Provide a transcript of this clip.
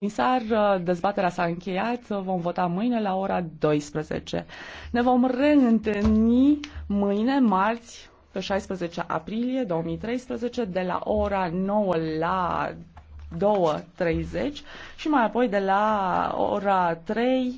comisar, uh, dezbaterea s-a încheiat, vom vota mâine la ora 12. Ne vom reîntâlni mâine, marți, pe 16 aprilie 2013, de la ora 9 la 2.30 și mai apoi de la ora 3